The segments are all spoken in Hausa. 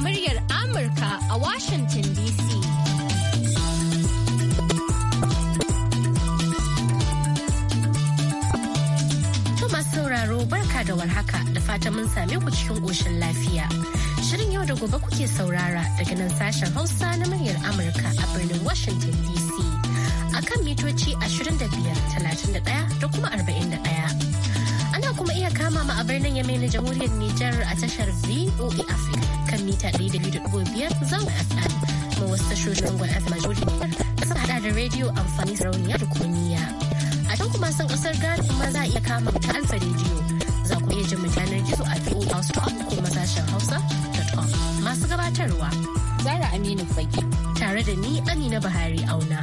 muryar Amurka Daga a Washington, D.C. sauraro barka da warhaka da fata mun same ku cikin ƙoshin lafiya. Shirin yau da gobe kuke saurara daga nan sashen Hausa na muryar Amurka a birnin Washington DC. A kan mitoci 25,31 da kuma 41. Ana kuma iya kama ma a birnin Yamai na Jamhuriyar Nijar a tashar VOA Africa kan mita 100.5 zama FM. Ma wasu tashoshin gwal a Jamhuriyar da hada da rediyo amfani sarauniya da kuniya. A can kuma san kasar gani ma za a iya kama ta alfa rediyo. Za ku iya jin mutane gabatarwa Zara Aminu Fage tare da ni Amina Buhari Auna.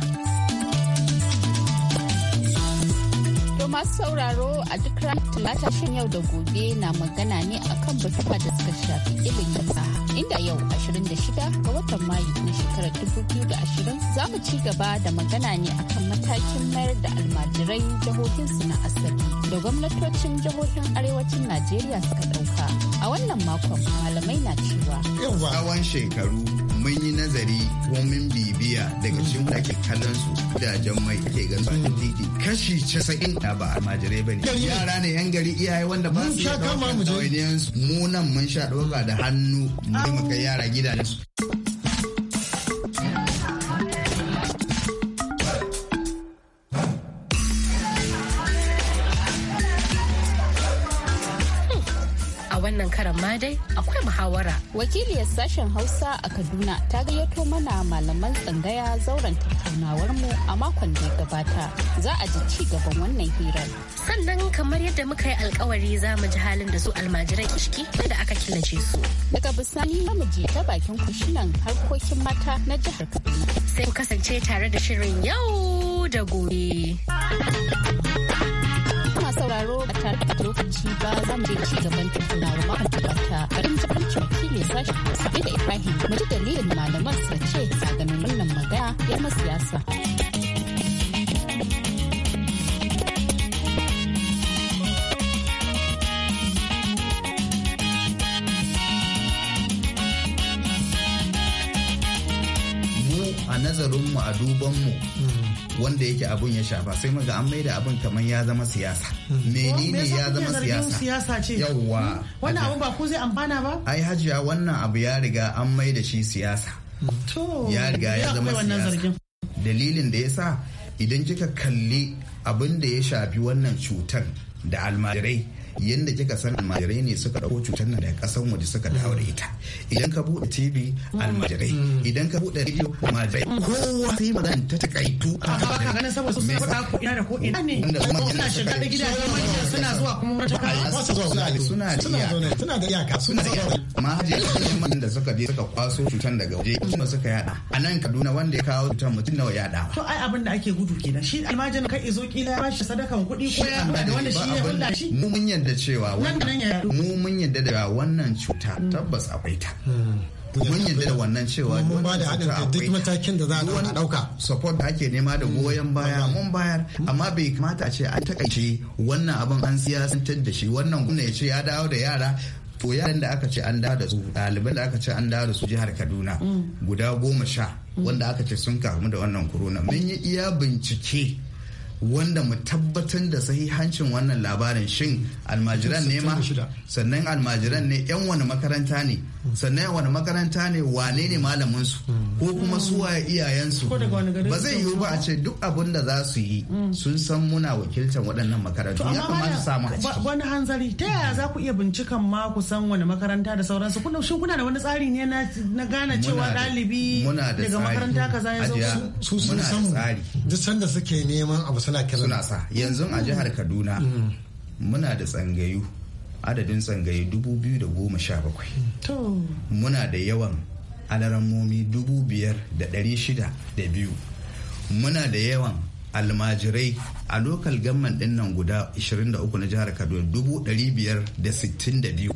To masu sauraro a duk ranar talata shin yau da gobe na magana ne akan batuka da suka shafi ilimin fasaha. inda yau 26 ga watan Mayu na shekarar 2020 za mu ci gaba da magana ne akan matakin mayar da almajirai jihohinsu na asali da gwamnatocin jihohin arewacin Najeriya suka ɗauka. A wannan makon malamai na cewa. Yawan shekaru mun yi nazari ko mun bibiya daga cikin da ake kallon su gidajen mai ake gan su titi kashi casa'in da ba a almajirai ba ne yara ne yan gari iyaye wanda ba su yi ɗaukar ɗawainiyansu mu nan mun sha da hannu mu kai yara su. wannan karan ma dai akwai muhawara. Wakiliyar sashen Hausa a Kaduna ta gayyato mana malaman tsangaya zauren tattaunawar mu a makon da ya gabata. Za a ji ci gaban wannan hirar. Sannan kamar yadda muka yi alkawari za mu ji halin da su almajiran kishki da aka killace su. Daga bisani mu je ta bakin kushinan harkokin mata na jihar Kaduna. Sai ku kasance tare da shirin yau da gobe. sauraro a tare da lokaci ba zan je ci gaban tattaunawar makon ta bata bari mu ne sashi sabi da Ibrahim mu ji dalilin malaman sa ce saganin wannan magana ya ma siyasa. nazarinmu a dubanmu hmm. wanda yake abun ya shafa sai muga an maida abun kamar ya zama siyasa hmm. oh, menene ya zama siyasa siyasa ce yawa hmm? wannan abun ba ku zai amfana ba ai hajiya wannan abu ya riga an maida shi siyasa hmm. ya riga ya zama siyasa dalilin da ya sa idan kika kalli abin da ya shafi wannan cutar da almajirai yadda kika san almajirai ne suka dauko cutar nan daga kasan waje suka dawo da ita idan ka bude tv almajirai idan ka bude radio almajirai kowa sai magana ta takaitu a ka ganin saboda su faɗa ko ina da ko ina ne suna shiga da gidajen suna zuwa kuma wata kaya suna da suna da iyaka suna da iyaka amma hajiyar da suka je suka kwaso cutar daga waje kuma suka yada a nan kaduna wanda ya kawo cutar mutum nawa yada to ai abin da ake gudu kenan shi almajirin kai zo kila ya bashi sadakan kuɗi ko ya da wanda shi ya hulɗa shi mun yanda da cewa mu mun yadda da wannan cuta hmm. tabbas akwai ta hmm. mun yadda da wannan cewa mun ba da hadin kai duk matakin da za a dauka support da ake nema da goyon hmm. baya mun bayar amma bai kamata a ce an takaice wannan abin an siyasantar da shi wannan gwamna ya ce ya dawo da yara to yaran da aka ce an dawo da su ɗaliban da aka ce an dawo da su jihar kaduna guda goma sha wanda aka ce sun kamu da wannan corona mun yi iya bincike wanda mu tabbatar da sahihancin wannan labarin shin almajiran ne ma sannan almajiran ne yan wani makaranta ne sannan wani makaranta ne wane ne malaminsu ko kuma suwa iyayensu ba zai yiwu ba a ce duk abin da za su yi mm. sun san muna wakiltar waɗannan makarantu ya kamata samu a ciki wani hanzari ta yaya za ku iya bincikan ma ku san wani makaranta da sauransu kuna shin kuna da wani tsari ne na gane cewa ɗalibi daga makaranta kaza ya zo su sun san duk sanda suke neman abu suna kiran yanzu a jihar Kaduna mm. muna da tsangayu adadin tsangaye 2017 muna da yawan alarammomi 5,602 muna da yawan almajirai a lokal gamman din nan guda 23 na jihar kaduna 562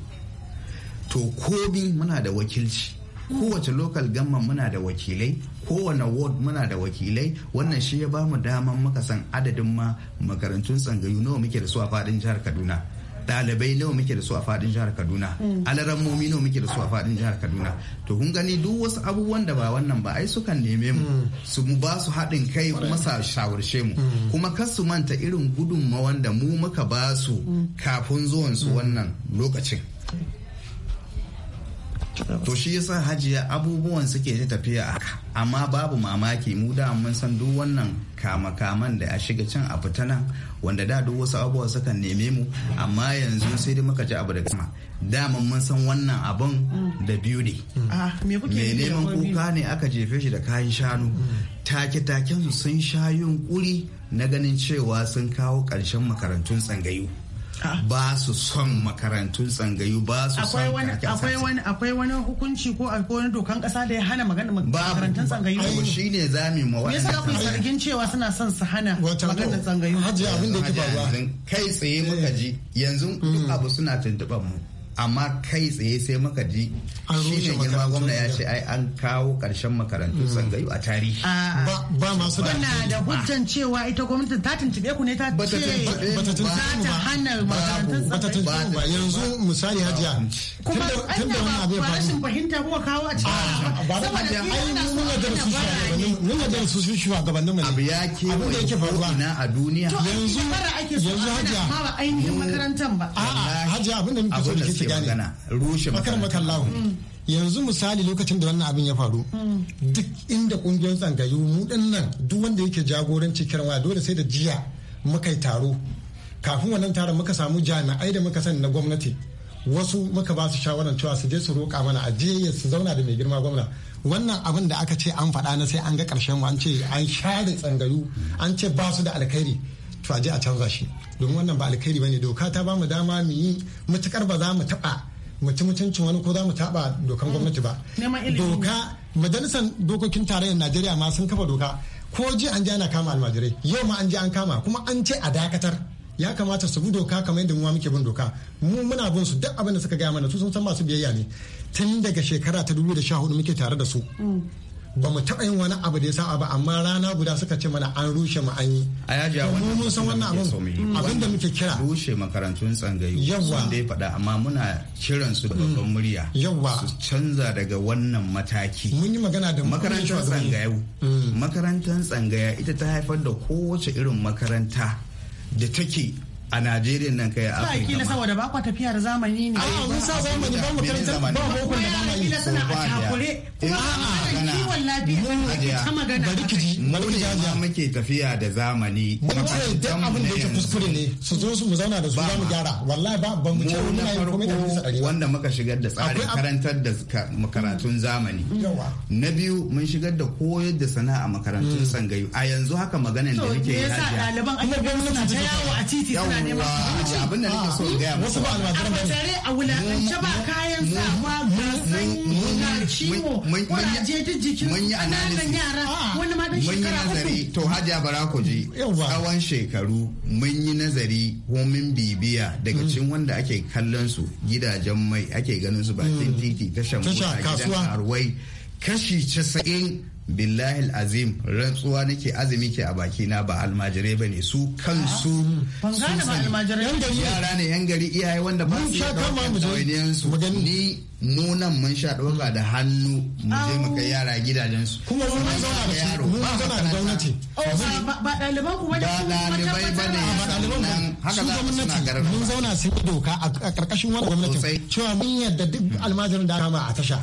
to komi muna da wakilci kowace lokal gamman muna da wakilai kowane ward muna da wakilai wannan shi ya ba mu daman makasan adadin ma makarantun tsangayu nawa muke da su a fadin jihar kaduna Dalibai nawa muke da su a faɗin jihar kaduna mm. alarammomi nawa muke da su a faɗin jihar kaduna to kun gani duk wasu abubuwan da ba wannan ba ai sukan neme mu mm. su mu ba su haɗin kai kuma sa shawarce mu mm. kuma kar su manta irin gudunmawan da mu muka ba su kafin zuwan su wannan lokacin to shi yasa hajiya abubuwan suke ta tafiya amma babu mamaki mu da mun san duk wannan kama-kaman da a shiga can a fita nan wanda da duk wasu abubuwa sukan neme mu amma yanzu sai dai muka ji abu da kama daman mun san wannan abun mm. da biyu ne mm. ah, me neman kuka ne aka jefe shi da kayan shanu mm. take-taken sun sha kuri na ganin cewa sun kawo ƙarshen makarantun tsangayu ba su son makarantun tsangayu ba su son akwai wani akwai wani hukunci ko akwai wani dokan kasa da ya hana magana makarantun tsangayu babu shine zami ma wani yasa ku zargin cewa suna son su hana makarantun tsangayu haji abin da ke ba. kai tsaye muka ji yanzu duk mm. abu suna tuntuban mu amma kai tsaye sai maka ji shi ne girma gwamna ya ce ai an kawo karshen makarantu hmm. gayu a tarihi ba masu da kuna da hujjan cewa ita gwamnati ta tuntube ku ne ta ce ba ta hana makarantun sangayu ba yanzu misali hajiya kuma an ba rashin fahimta ko kawo a cikin ba da hajiya ai nuna da su nuna da su su shugabannin mu abu ya ke abin da yake faruwa a duniya yanzu yanzu hajiya ba ainihin makarantan ba a'a hajiya abin da muke so da kike gane rushe makaranta mm. yanzu misali lokacin da wannan abin ya faru mm. duk inda kungiyar tsangayu mu nan duk wanda yake jagoranci kiran dole sai da jiya muka yi taro kafin wannan taron muka samu jami'ai da muka sani na gwamnati wasu muka ba su shawaran cewa su je su roƙa mana a su zauna da mai girma gwamna wannan abin da aka ce an faɗa na sai an ga ƙarshen an ce an share tsangayu an ce ba su da alkhairi to a je a canza shi domin wannan ba alkhairi bane doka ta bamu dama mu yi matukar ba za mu taba mutum mutuncin wani ko za mu taba dokan gwamnati ba mm. doka majalisar dokokin tarayyar najeriya ma sun kafa doka ko ji an ji ana kama almajirai yau ma an ji an kama kuma an ce a dakatar ya kamata su bi doka kamar yadda muwa muke bin doka mu muna bin su duk abin da suka gaya mana su sun san masu biyayya ne tun daga shekara ta 2014 muke tare da su mm. ba mu taɓa yin wani abu da ya sa'a ba amma rana guda suka ce mana an rushe mu an yi a yaji a wannan san wannan abin abin muke kira rushe makarantun tsangayi yawa Sun ya faɗa amma muna kiran su da babban mm. murya yawa su canza daga wannan mataki mun yi magana da makarantar tsangayi mm. makarantar tsangaya ita ta haifar da kowace irin makaranta da take a Najeriya nan kai a Afirka. Kila saboda ba kwa tafiyar zamani ne. A'a mun sa zamani ba mu karanta ba mu ko da zamani. Kila suna a takure. Kuma a kiwon lafiya ta magana. Bari ki ji mu jaja muke tafiya da zamani. Mun ce duk abin da yake kuskure ne su zo su mu zauna da su za mu gyara. Wallahi ba ban mu ce na yi komai da bisa arewa. Wanda muka shigar da tsarin karantar da makarantun mm. zamani. Na biyu mun shigar da koyar da sana'a makarantun mm. sangayu. A yanzu haka maganar da nake yi. Yasa ɗaliban ake gwamnati ta yawo a titi suna abin da nake so gaya musu ba almajiran ba tare a wulakance ba kayan sa ba sanyi ga ciwo kuraje ta jikin ƙananan yara wani ma dan shekara uku to hajiya barakoji tsawon shekaru mun yi nazari ko bibiya daga cikin wanda ake kallon su gidajen mai ake ganin su ba titi tashan mota gidan harwai kashi casa'in billahi azim rantsuwa nake azumi ke a baki na ba almajirai ba ne su kansu ah, yara ne yan gari iyaye wanda ba su yi su ni nunan mun sha ɗauka da hannu mu je mu kai yara gidajensu kuma mun zauna da yaro mun zauna da gwamnati ba ɗaliban kuma da ba ɗalibai ba ne ba nan haka za su suna garba mun zauna sun yi doka a ƙarƙashin wani gwamnati cewa mun yadda duk almajirin da kama a tasha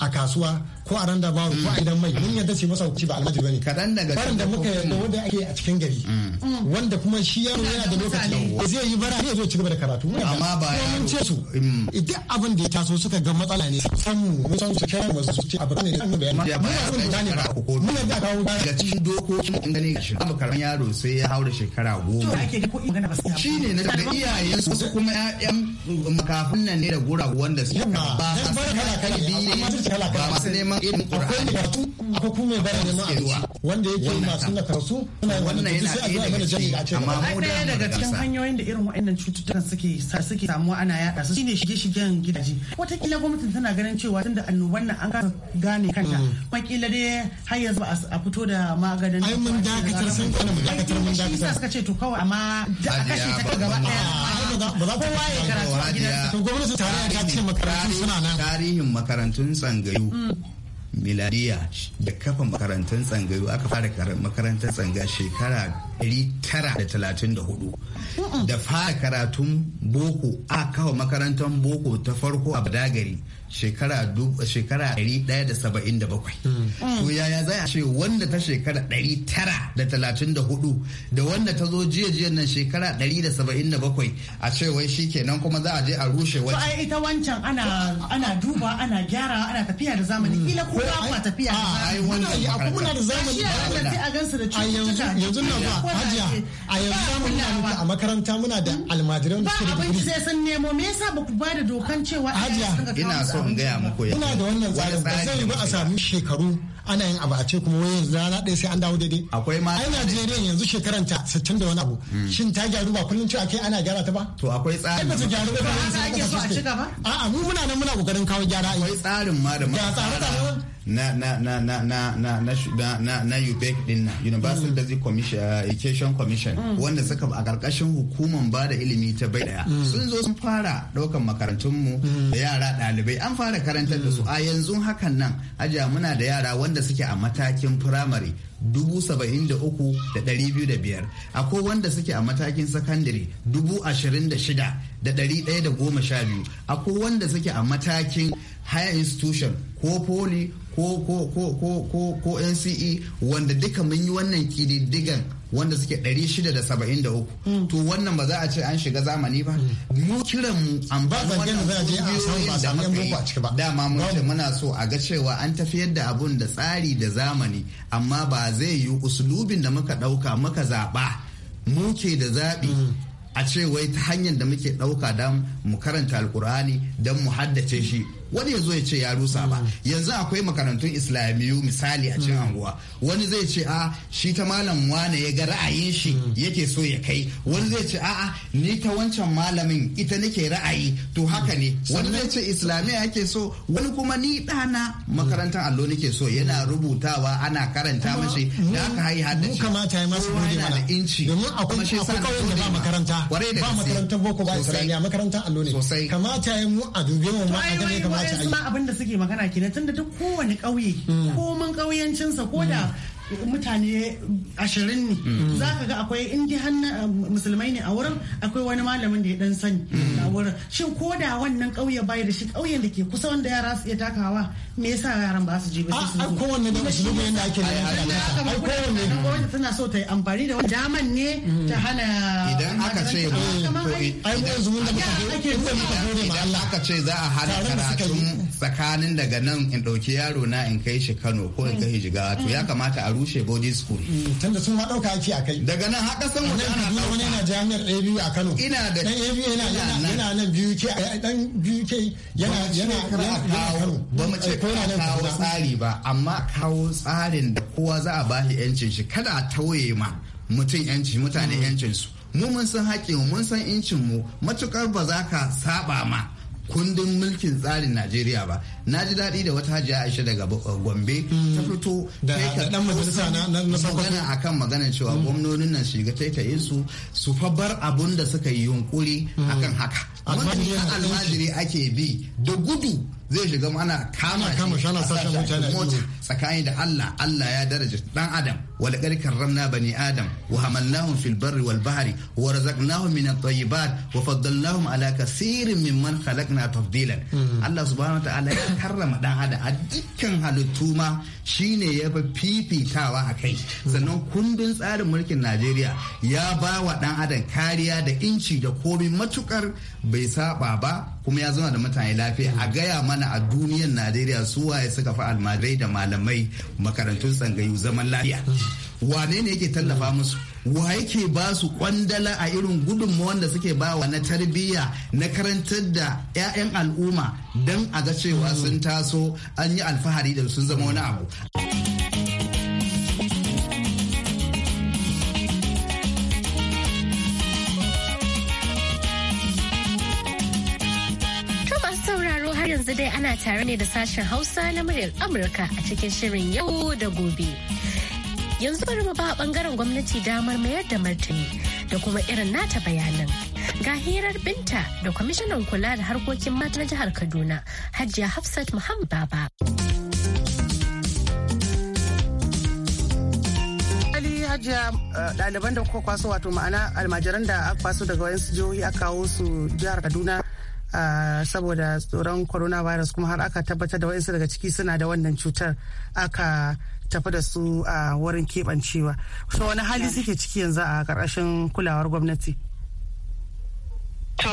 a kasuwa ko a randa baro ko a idan mai mun yadda ce masa hukunci ba alhaji bane kadan daga cikin da muka yadda wanda ake a cikin gari mm. wanda kuma shi yaro yana da lokaci zai yi bara zai zo ci gaba da karatu amma ba ya mun ce su idan mm. abin da ya taso suka ga matsala ne san mu mun san su kira mu su ci abin ne an mun ba mun da ne ba mun yadda kawo daga cikin dokokin in gane shi amma karan yaro sai ya haura shekara goma shi ne na da iyayen su kuma ƴaƴan makafin nan ne da gura wanda suka ba ba ba ba irin akwai bukatu akwai mai bayar da addu'a wanda yake masu na karsu wannan yana sai addu'a mana amma mu da daga cikin hanyoyin da irin waɗannan cututtukan suke suke samuwa ana yada su shine shige-shigen gidaje watakila gwamnatin tana ganin cewa tunda annoban nan an kasa gane kanta makila mm. dai har yanzu ba a fito da maganin ai mun dakatar sun kana mu dakatar mun dakatar suka ce to kawai amma da aka ce ta gaba daya kowa a gidan gwamnatin tarayya ta ce makarantu suna nan tarihin makarantun tsangayu mm. miladiya da kafa makarantar tsangayu aka fara makarantar tsanga shekara 934 da fara karatun boko a kafa makarantar boko ta farko a badagari shekara 177 hmm. to yaya za a ce wanda ta shekara 934 da wanda ta zo jiya-jiyan nan shekara 177 a ce wai shi kuma za a je a rushe wacce. ai ita wancan ana duba ana gyara ana tafiya da zamani hmm. kila ko ba tafiya da ah, zamani ai muna da zamani a gansu da yanzu nan ba hajiya a yanzu muna a makaranta muna da hmm? almajiran da suke da ba abinci sai sun nemo me yasa ba ku ba da dokan cewa hajiya ina so so gaya muku ya muna da wannan tsarin ba zai ba a sami shekaru ana yin abu a ce kuma wai rana ɗaya sai an dawo daidai akwai ma ai Najeriya yanzu shekaran ta 60 da wani abu hmm. shin ta gyaru ba kullun cewa kai ana gyara ta ba to akwai tsarin ba ta gyaru ba ana ake so a cika ba a'a mu muna nan muna kokarin kawo gyara akwai tsarin ma da ma tsare na na na na na na na na din na Universal mm. Commission uh, Education Commission mm. wanda suka a karkashin hukumar ba da ilimi ta bai daya mm. sun zo sun fara daukan makarantun mu da yara dalibai an fara karantar da su a yanzu hakan nan ajiya muna da yara wanda suke a matakin primary dubu saba'in da uku da ɗari biyu da biyar akwai wanda suke a matakin sakandare dubu ashirin da shida da ɗari ɗaya da goma sha biyu akwai wanda suke a matakin higher institution ko poli ko ko ko ko ko ko NCE wanda duka mun yi wannan kididdigan wanda suke 673 hmm. to wannan ba za a ce an shiga zamani ba mu kira mu an ba wannan dama mun ce muna so a ga cewa an tafiyar da abun da tsari da zamani amma ba zai yi usulubin da muka dauka muka zaba mu ke da zabi hmm. a ce wai ta hanyar da muke dauka dan mu karanta alkur'ani dan mu haddace shi wani ya zo ya ce ya rusa ba yanzu akwai makarantun islamiyu misali a cikin anguwa wani zai ce a shi ta malam wane ya ga ra'ayin shi yake so ya kai wani zai ce a'a ni ta wancan malamin ita nake ra'ayi to haka ne wani zai ce islamiyya yake so wani kuma ni dana makarantar allo nake so yana rubutawa ana karanta mashi da aka haihu haddace mu kamata ya masu gode mana inci domin akwai kawai da ba makaranta ba makarantar boko ba islamiyya makarantar allo ne kamata ya mu a dubi mu ma a wa'ansu abin da suke magana ke tun tunda duk kowane ƙauye hmm. komin ƙauyencinsa ko da hmm. mutane ashirin ne hmm. za ka ga akwai indi hannun um, musulmai ne a wurin akwai wani malamin da ya dan sani a wurin shin ko da wannan ƙauye bai da shi ƙauyen da ke kusa wanda yara su iya takawa me yasa yaran ba su je ba su zo kowanne da su ne yanda ake kowanne tana so ta yi amfani da wani daman ne ta mm-hmm. hana idan aka ce ba ai mu da muka idan aka ce za a hana karatun tsakanin daga nan in dauki yaro na in kai shi Kano ko in kai shi ya kamata a rushe boarding school mm, sun ma ake a kai daga nan haka san wani ana wani yana jami'ar Kano ina kawo tsari ba amma kawo tsarin da kowa za a bashi yancin shi kada a tauye ma mutum yanci mutane hmm. yancin su mu mun san haƙƙin mun san incin mu matukar ba za ka saba ma kundin mulkin tsarin Najeriya ba. Na ji daɗi da wata hajiya Aisha daga eh, Gombe ta hmm. fito magana akan magana cewa hmm. gwamnonin na shiga taitayin su su fa bar abun da suka yi yunkuri akan haka. Wanda almajiri ake bi da gudu zai shiga mana kama shi ana sashen mota tsakani da Allah Allah ya daraja dan adam ولقد كرمنا بني آدم وحملناهم في البر والبحر ورزقناهم من الطيبات وفضلناهم على كثير ممن خلقنا تفضيلا الله سبحانه وتعالى كرم دان هذا dukkan halittu ma shine ya fi fifitawa a kai sannan kundin tsarin mulkin Najeriya ya ba wa dan adam kariya da inci da komai matukar bai saba ba kuma ya zauna da mutane lafiya a gaya mana a duniyar Najeriya su waye suka fi almajirai da malamai makarantun tsangayu zaman lafiya wane ne yake tallafa musu wa yake ba su kwandala a irin gudunmawar da suke bawa na tarbiyya na karantar da 'ya'yan al'umma don a ga cewa sun taso an yi alfahari da sun zama wani abu. yanzu dai ana tare ne da sashen hausa na muryar amurka a cikin shirin yau da gobe yanzu bari mu ba bangaren gwamnati damar mayar da martani da kuma irin nata bayanan ga hirar binta da kwamishinan kula da harkokin mata na jihar kaduna hajiya hafsat muhammad baba hajiya eh, ɗaliban da kuka kwaso wato ma'ana almajiran da aka kwaso daga su jihohi aka kawo su jihar kaduna eh, saboda tsoron coronavirus kuma har aka tabbatar da waɗansu daga ciki suna da wannan cutar aka tafi da su a wurin keɓancewa so wani hali suke ciki yanzu a ƙarƙashin kulawar gwamnati to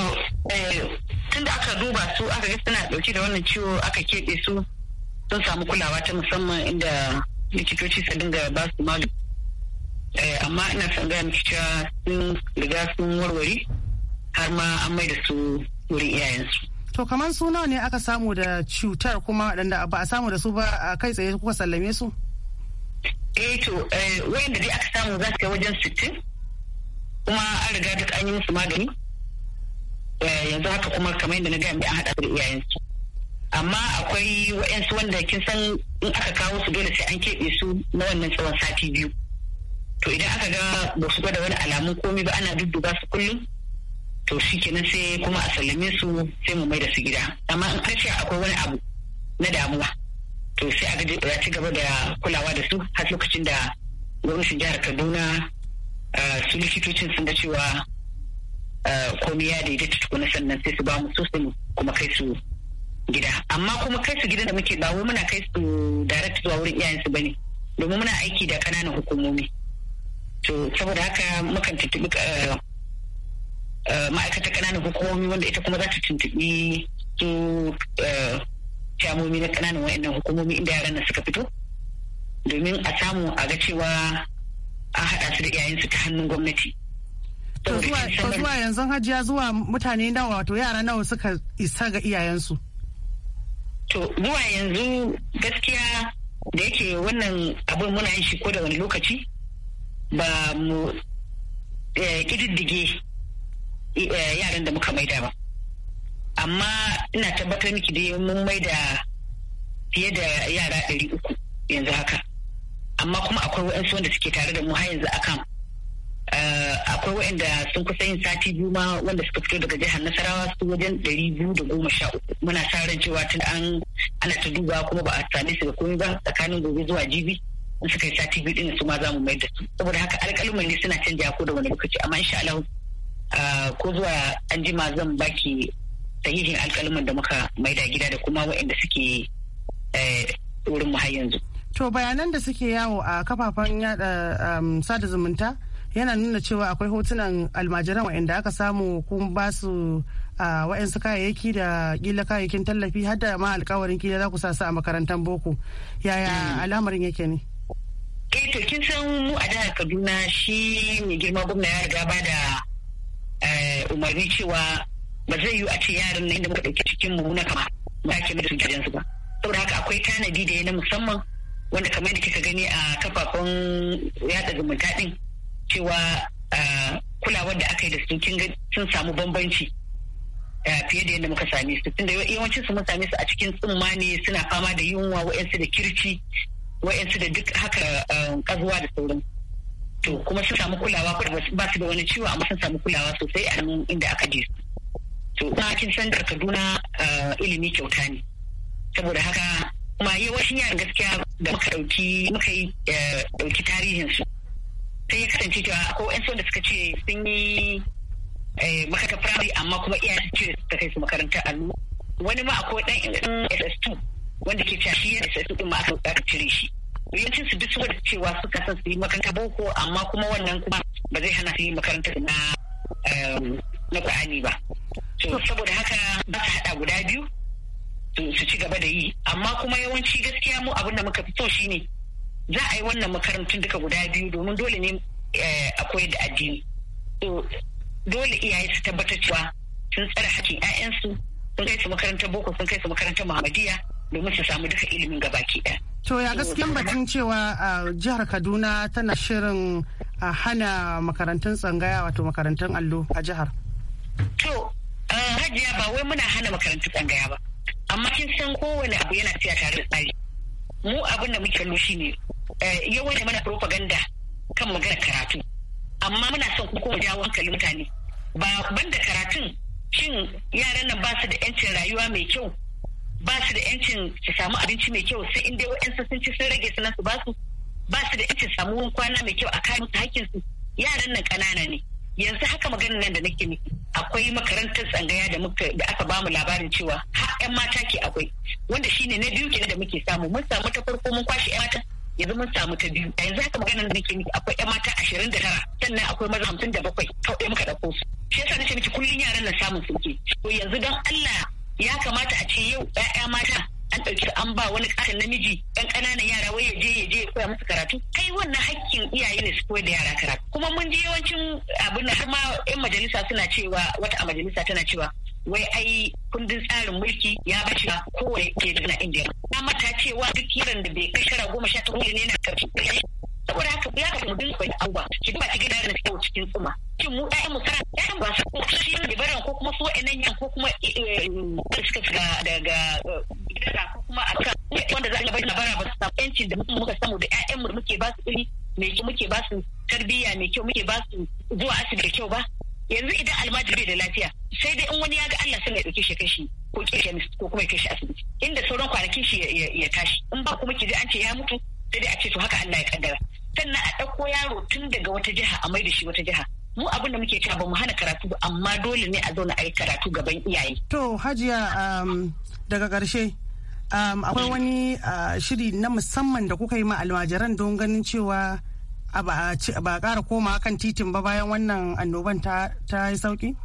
eh, tun da aka duba su aka ga suna ɗauke da wannan ciwo aka keɓe su sun samu kulawa ta musamman inda likitoci su dinga ba su malu eh, amma ina son gaya miki cewa sun riga sun warware har ma an mai da su wurin iyayensu to kamar suna ne aka samu da cutar kuma waɗanda ba a samu da su ba a kai tsaye kuka sallame su eh to eh, da dai aka samu za su kai wajen sittin kuma an riga duk an yi musu magani eh, yanzu haka kuma kamar yadda na gaya mai an haɗa da iyayensu amma akwai wa'yansu wanda kin san in aka kawo su dole sai an keɓe su na wannan tsawon sati biyu to idan aka ga ba su gwada wani alamun komi ba ana dudduba su kullum to shi kenan sai kuma a sallame su sai mu mai da su gida amma in ce akwai wani abu na damuwa to sai aka je ci gaba da kulawa da su har lokacin da gwamnatin jihar kaduna su likitocin sun ga cewa komai ya daidaita tukuna sannan sai su ba mu sosin kuma kai su gida amma kuma kai su gida da muke ba muna kai su direct zuwa wurin su bane domin muna aiki da kananan hukumomi to saboda haka mukan tuntuɓi ma'aikatar kananan hukumomi wanda ita kuma za ta tuntuɓi su jamomi na kananan wa'annan hukumomi inda yaran nan suka fito domin a samu a ga cewa a haɗa su da iyayensu ta hannun gwamnati. To zuwa yanzu hajiya zuwa mutane nawa wato yara nawa suka isa ga iyayensu? To zuwa yanzu gaskiya da yake wannan abin muna yin shi ko da wani lokaci ba mu eh, ƙididdige eh, yaran da muka maida ba. amma ina tabbatar miki dai mun mai da fiye da yara ɗari uku yanzu haka amma kuma akwai waɗansu wanda suke tare da mu har yanzu akan eh, akwai wayanda sun kusa yin sati biyu ma wanda suka fito daga jihar nasarawa su wajen ɗari biyu da goma sha uku muna sa ran cewa tun an ana ta duba kuma ba a same su da komai ba tsakanin gobe zuwa jibi in suka yi sati biyu ɗin su ma za mu mai da su saboda haka alƙalumai ne suna canja ko da wani lokaci amma insha Allah eh, ko zuwa an jima zan baki sahihin alkaluman da muka maida gida da kuma waɗanda suke eh, wurin mu har yanzu. To bayanan da suke yawo a kafafen yada um, sada zumunta yana nuna cewa akwai hotunan almajiran waɗanda aka samu kun ba su kayayyaki da kila kayayyakin tallafi har da ma alkawarin kila za ku sa su a makarantar boko yaya mm. al'amarin yake ne? eh to kin san mu a jihar kaduna shi mai girma gwamna ya riga ba da eh, umarni cewa ba zai yiwu a ce yaran nan da muka ɗauki cikin mu na kama ba ke mai sun gidansu ba saboda haka akwai tanadi da ya na musamman wanda kamar da kika gani a kafafen yada zumunta din cewa kulawar da aka yi da su sun samu bambanci fiye da yadda muka same su tunda yawancin su mun same su a cikin tsumma ne suna fama da yunwa wa'yansu da kirci wa'yansu da duk haka kazuwa da sauran to kuma sun samu kulawa ba su da wani ciwo amma sun samu kulawa sosai a nan inda aka je su to kin san da kaduna eh, ilimi kyauta ne saboda haka kuma yawancin yaran gaskiya da muka dauki muka yi dauki eh, tarihin su sai ya kasance cewa ko yan son da suka ce sun yi eh, makaranta primary amma kuma iya su ce suka kai su makarantar allo wani ma akwai dan ss2 wanda ke cewa shi ss2 ɗin ma aka cire shi yawancin su duk su da cewa suka san su yi makaranta boko amma kuma wannan kuma ba zai hana su yi makaranta na na ba to saboda haka ba su haɗa guda biyu su ci gaba da yi amma kuma yawanci gaskiya mu abin da muka fi so shine za a yi wannan makarantun duka guda biyu domin dole ne eh, a koyar da addini to dole iyaye su tabbatar cewa sun tsare hakkin 'ya'yansu sun kai su makarantar boko sun kai su makarantar muhammadiya domin su samu duka ilimin gabaki ɗaya To ya gaskiyan batun cewa jihar Kaduna tana shirin hana makarantun tsangaya wato makarantun allo a jihar. To Rajiya eh, ba wai muna hana makarantu tsangaya ba. Amma kin san kowane abu yana siya tare da tsari. Mu abin da muke kallo shine eh, yawan mana propaganda kan magana karatu. Amma muna son kuma jawo hankali mutane. Ba da karatun shin yaran nan ba su da 'yancin rayuwa mai kyau ba su da yancin su samu abinci mai kyau sai inda wa'yansu sun ci sun rage sunan su ba su ba su da yancin samu kwana mai kyau a kayan su hakkin su yaran nan kanana ne yanzu haka maganin nan da nake miki akwai makarantar tsangaya da muka da aka bamu labarin cewa har yan mata ke akwai wanda shine na biyu kenan da muke samu mun samu ta farko mun kwashi yan mata yanzu mun samu ta biyu yanzu haka nan da nake miki akwai yan mata ashirin da tara sannan akwai maza hamsin da bakwai kawai muka ɗauko su shi yasa nake miki kullum yaran na samun suke to yanzu don Allah ya kamata a ce yau 'ya'ya mata an ɗauki an ba wani ƙarin namiji ɗan ƙananan yara wai ya je ya je ya koya musu karatu ai wannan hakkin iyaye ne su koyar da yara karatu kuma mun ji yawancin abin har ma 'yan majalisa suna cewa wata a majalisa tana cewa wai ai kundin tsarin mulki ya bashi ba kowane ke na indiya na mata cewa duk yaran da bai kai shara goma sha takwas ne na karfi saboda haka ya ka mu dinga bayyana abubuwa ki duba ki gida da kyau cikin tsuma kin mu ɗayan mu sana ya ba su kuma su da baran ko kuma su wa'annan yan ko kuma da eh, eh, eh, suka shiga daga gidana ko kuma a kan wanda za a bayyana bara ba su samu yancin da muka samu da ƴaƴan mu muke ba su iri mai kyau muke ba su tarbiyya mai kyau muke ba su zuwa asibiti da kyau ba yanzu idan almajiri da lafiya sai dai in wani ya ga Allah sai ya dauke shi kashi ko kike ko kuma ya kashi asibiti inda sauran kwanakin shi ya tashi in ba kuma ki ji an ce ya mutu sai dai a ce to haka Allah ya kaddara sannan a ɗauko yaro tun daga wata jiha a mai da shi wata jiha mu abin da muke cewa ba mu hana karatu ba amma dole ne a zauna a yi karatu gaban iyaye. To Hajiya um, daga ƙarshe um, akwai wani uh, shiri na musamman da kuka yi ma almajiran don ganin cewa ba a ƙara koma kan titin ba bayan wannan annoban ta yi sauki?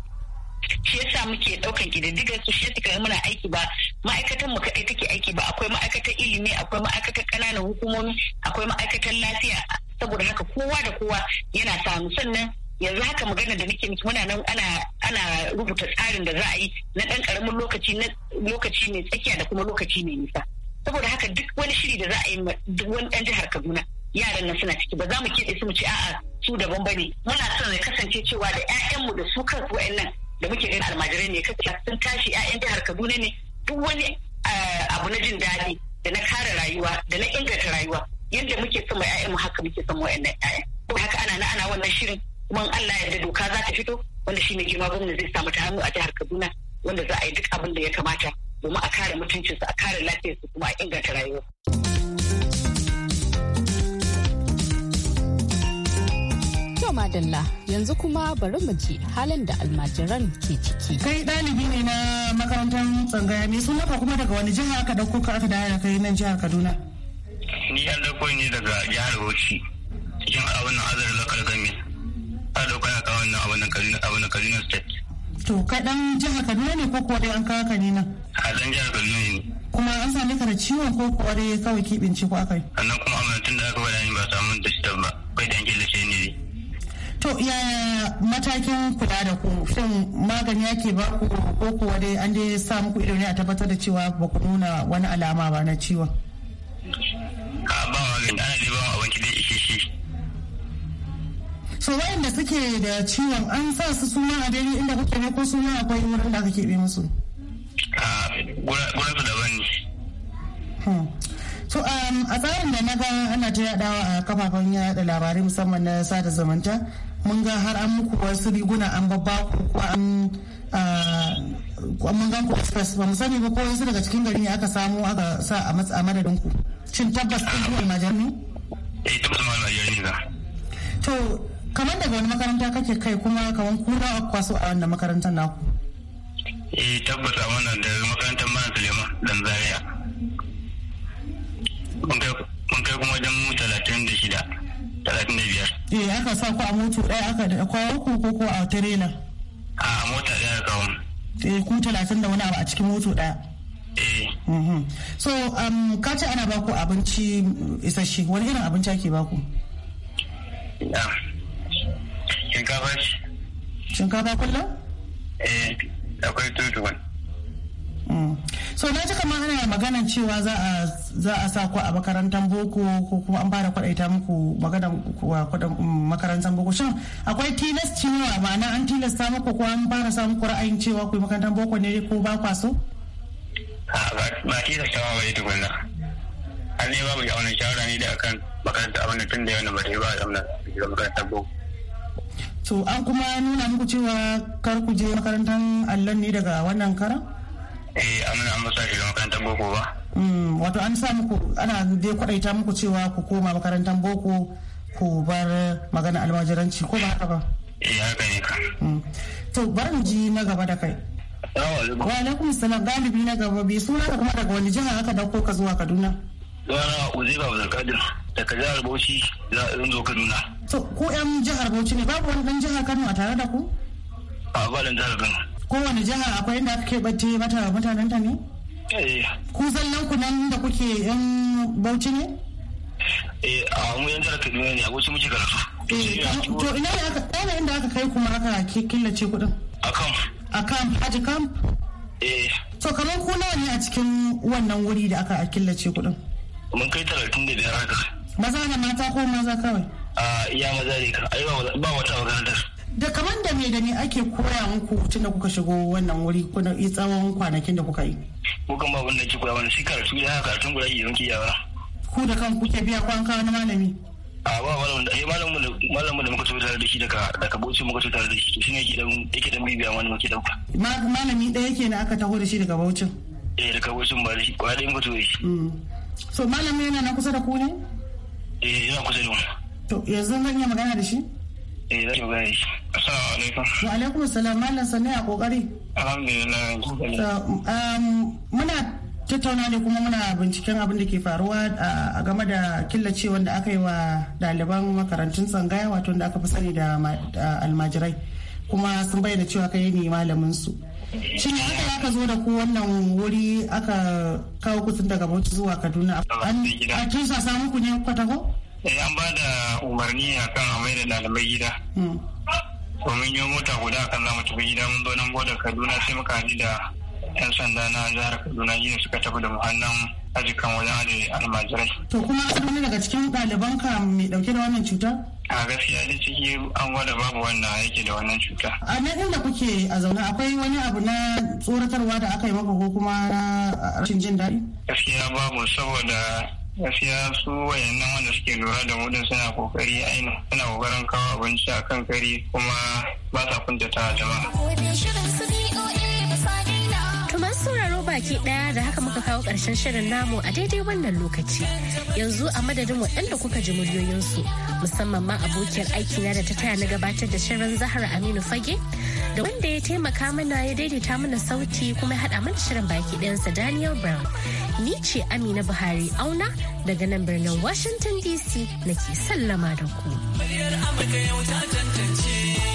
shi yasa muke ɗaukan ƙididdigar su shi suka muna aiki ba ma'aikatan mu kaɗai take aiki ba akwai ma'aikatan ilimi akwai ma'aikatan ƙananan hukumomi akwai ma'aikatan lafiya saboda haka kowa da kowa yana samu sannan yanzu haka magana da nake miki muna nan ana ana rubuta tsarin da za a yi na ɗan ƙaramin lokaci na lokaci mai tsakiya da kuma lokaci mai nisa saboda haka duk wani shiri da za a yi duk wani ɗan jihar Kaduna yaran nan suna ciki ba za mu keɓe su mu ce a'a su daban bane muna son ya kasance cewa da 'ya'yanmu da su kansu wa'annan da muke ganin almajirai ne kasance sun tashi 'ya'yan jihar Kaduna ne duk wani eh, abu na jin daɗi da na kare rayuwa da na inganta rayuwa yadda muke son mu haka muke son wa'annan yaya ko haka ana na wannan shirin kuma Allah ya yarda doka za ta fito wanda shi ne girma gwamnati zai samu ta hannu a jihar Kaduna wanda za a yi duk abin da ya kamata domin a kare mutuncinsu a kare lafiyarsu kuma a inganta rayuwa. To madalla yanzu kuma bari mu ji halin da almajiran ke ciki. Kai ɗalibi ne na makarantar tsangaya ne sun ka kuma daga wani jiha aka ɗauko ka aka dawo kai nan jiha Kaduna. Ni an ɗauko ne daga jihar Bauchi cikin abin nan azar lokal gami. Ka ɗauko na kawo nan abin nan Kaduna abin nan Kaduna state. To kaɗan ɗan jihar Kaduna ne ko kuwa dai an kawo ka ne nan? A ɗan jihar Kaduna ne. Kuma an sami ka da ciwon ko kuwa dai kawai kiɓin ko aka yi? Sannan kuma amincin da aka bada ni ba samun da shi ba. Kai da yanke da shi To ya matakin kula da ku shin magani yake ba ku ko kuwa dai an dai sa muku ido ne a tabbatar da cewa ba ku nuna wani alama ba na ciwon. A ba wa ana dai ba abinci dai ishe shi. So waɗanda suke da ciwon an sa su suna a dare inda kuke ne ko suna akwai wurin da aka keɓe musu? A gurin su daban ne. Hmm. To um, a tsarin da na ga ana ta yadawa a kafafen yada labarai musamman na sada zamanta mun ga har an muku wasu riguna an babba ku ko an uh, mun gan ku express ba mu sani ba ko wasu daga cikin gari ne aka samu aka sa a matsa madadin ku shin tabbas kun zuwa majami eh tabbas ma yi na to kamar daga wani makaranta kake kai kuma kamar kura a kwaso a wannan makarantar naku eh tabbas a wannan da makarantar Malam Suleiman dan Zaria mun kai kuma wajen mu talatin da shida talatin da biyar. eh aka sa ku a moto ɗaya aka da kawo ku ko ko a tirela. a mota ɗaya ka kawo. eh ku talatin da wani abu a cikin moto ɗaya. eh. Mhm. so um, ka ce ana baku abinci isasshe wani irin abinci ake baku. na shinkafa ce. shinkafa kullum. eh akwai tutuwan. so na ji kamar ana maganan cewa za a sa ku a makarantar boko ko kuma an fara kwadaita muku maganar kudin mm, makarantar boko shin akwai tilasci wa ma'ana an tilasta muku ko an fara muku ra'ayin cewa ku makarantar boko ne ko ba kwa so? ba tilasta ba bai tukunna an ne mu ga wani shawara ne da akan makarantar abin tun da yana ba ba a makarantar boko to an kuma nuna muku cewa kar ku je makarantar allon ne daga wannan karan? eh amina an masa shiga makarantar boko ba mm, wato an sa muku ana dai kwadaita muku cewa ku koma makarantar boko ku bar magana almajiranci ko ba haka ba eh haka ne ka mm. to bari mu ji na gaba da kai wa alaikum salam galibi na gaba bai suna ka kuma daga wani jiha aka dauko ka zuwa kaduna Zana Uzaiba Abdulkadir daga jihar Bauchi za a zo Kaduna. To ko 'yan jihar Bauchi ne babu wani ɗan jihar Kano a tare da ku? A ba da jihar Kano. kowane jiha akwai inda aka keɓance mata mutanen ta ne? Eh. ku zallan ku nan da kuke yan bauchi ne? eh a mu yan jihar kaduna ne a wasu muke karatu. Eh, to ina ne aka tsaya inda aka kai kuma aka killace kuɗin? a kam. a kam haji kam? eh. to kamar ku nawa ne a cikin wannan wuri da aka killace kuɗin? mun kai talatin da biyar haka. maza da mata ko maza kawai? a iya maza ne ka ai ba wata makarantar. da kamar da me gani ake koya muku tun da kuka shigo wannan wuri kuna yi tsawon kwanakin da kuka yi ko kan wannan da ke koya wani sai karatu ya karatun guda yi yanki yawa ku da kan kuke biya kwan kawo na malami a ba malamu da eh, malamu da da muka tafi tare da shi daga daga bauchi muka tafi tare da shi ne yake dan yake dan bibiya wani muke dauka malami ɗaya kenan aka taho da shi daga Bauchi. eh daga Bauchi ba da shi kwa ɗaya muka tafi shi mm. so malami yana na kusa da ku ne eh yana kusa da mu to yanzu zan iya magana da shi eh zan iya magana da shi Assalamu alaikum. Wa alaikum salam malam Sani a kokari. Alhamdulillah. Um, muna tattauna ne kuma muna binciken abin da ke faruwa a game da killacewan da aka yi wa ɗaliban makarantun tsangaya wato da aka fi sani da almajirai kuma sun bayyana cewa kai ne malamin su shin haka aka zo da ku wannan wuri aka kawo kutun daga bauchi zuwa kaduna a tusa samu ku ne eh, an ba da umarni akan amai da ɗalibai gida hmm. to mun yi mota guda kan za mu tafi gida mun zo nan boda kaduna sai muka haɗu da yan sanda na jihar kaduna gini suka tafi da muhannan hannun ajikan wajen ajiye almajirai. to kuma wani daga cikin ɗaliban ka mai ɗauke da wannan cuta? a gaskiya da ciki an gwada babu wanda yake da wannan cuta. a nan inda kuke a zaune akwai wani abu na tsoratarwa da aka yi maka ko kuma na rashin jin daɗi? gaskiya babu saboda gaskiya su wayannan wanda suke lura da mudin suna kokari ainihin suna kokarin kawo abinci a kan kari kuma ba sa kuntata jama'a sauraro baki daya da haka muka kawo karshen shirin namu a daidai wannan lokaci yanzu a madadin waɗanda kuka ji muryoyinsu musamman ma abokiyar na da ta taya na gabatar da shirin zahar aminu fage da wanda ya taimaka mana ya daidaita mana sauti kuma ya haɗa mana shirin baki ɗayansa Daniel Brown. Ni ce Amina Buhari auna daga nan birnin Washington DC nake sallama da ku. Amurka yau ta tantance.